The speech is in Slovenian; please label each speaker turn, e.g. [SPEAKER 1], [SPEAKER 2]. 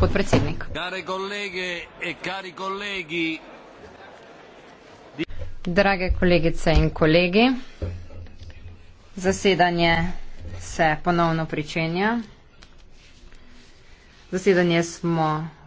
[SPEAKER 1] gospod predsednik.
[SPEAKER 2] E Drage kolegice in kolegi, zasedanje se ponovno pričenja. Zasedanje smo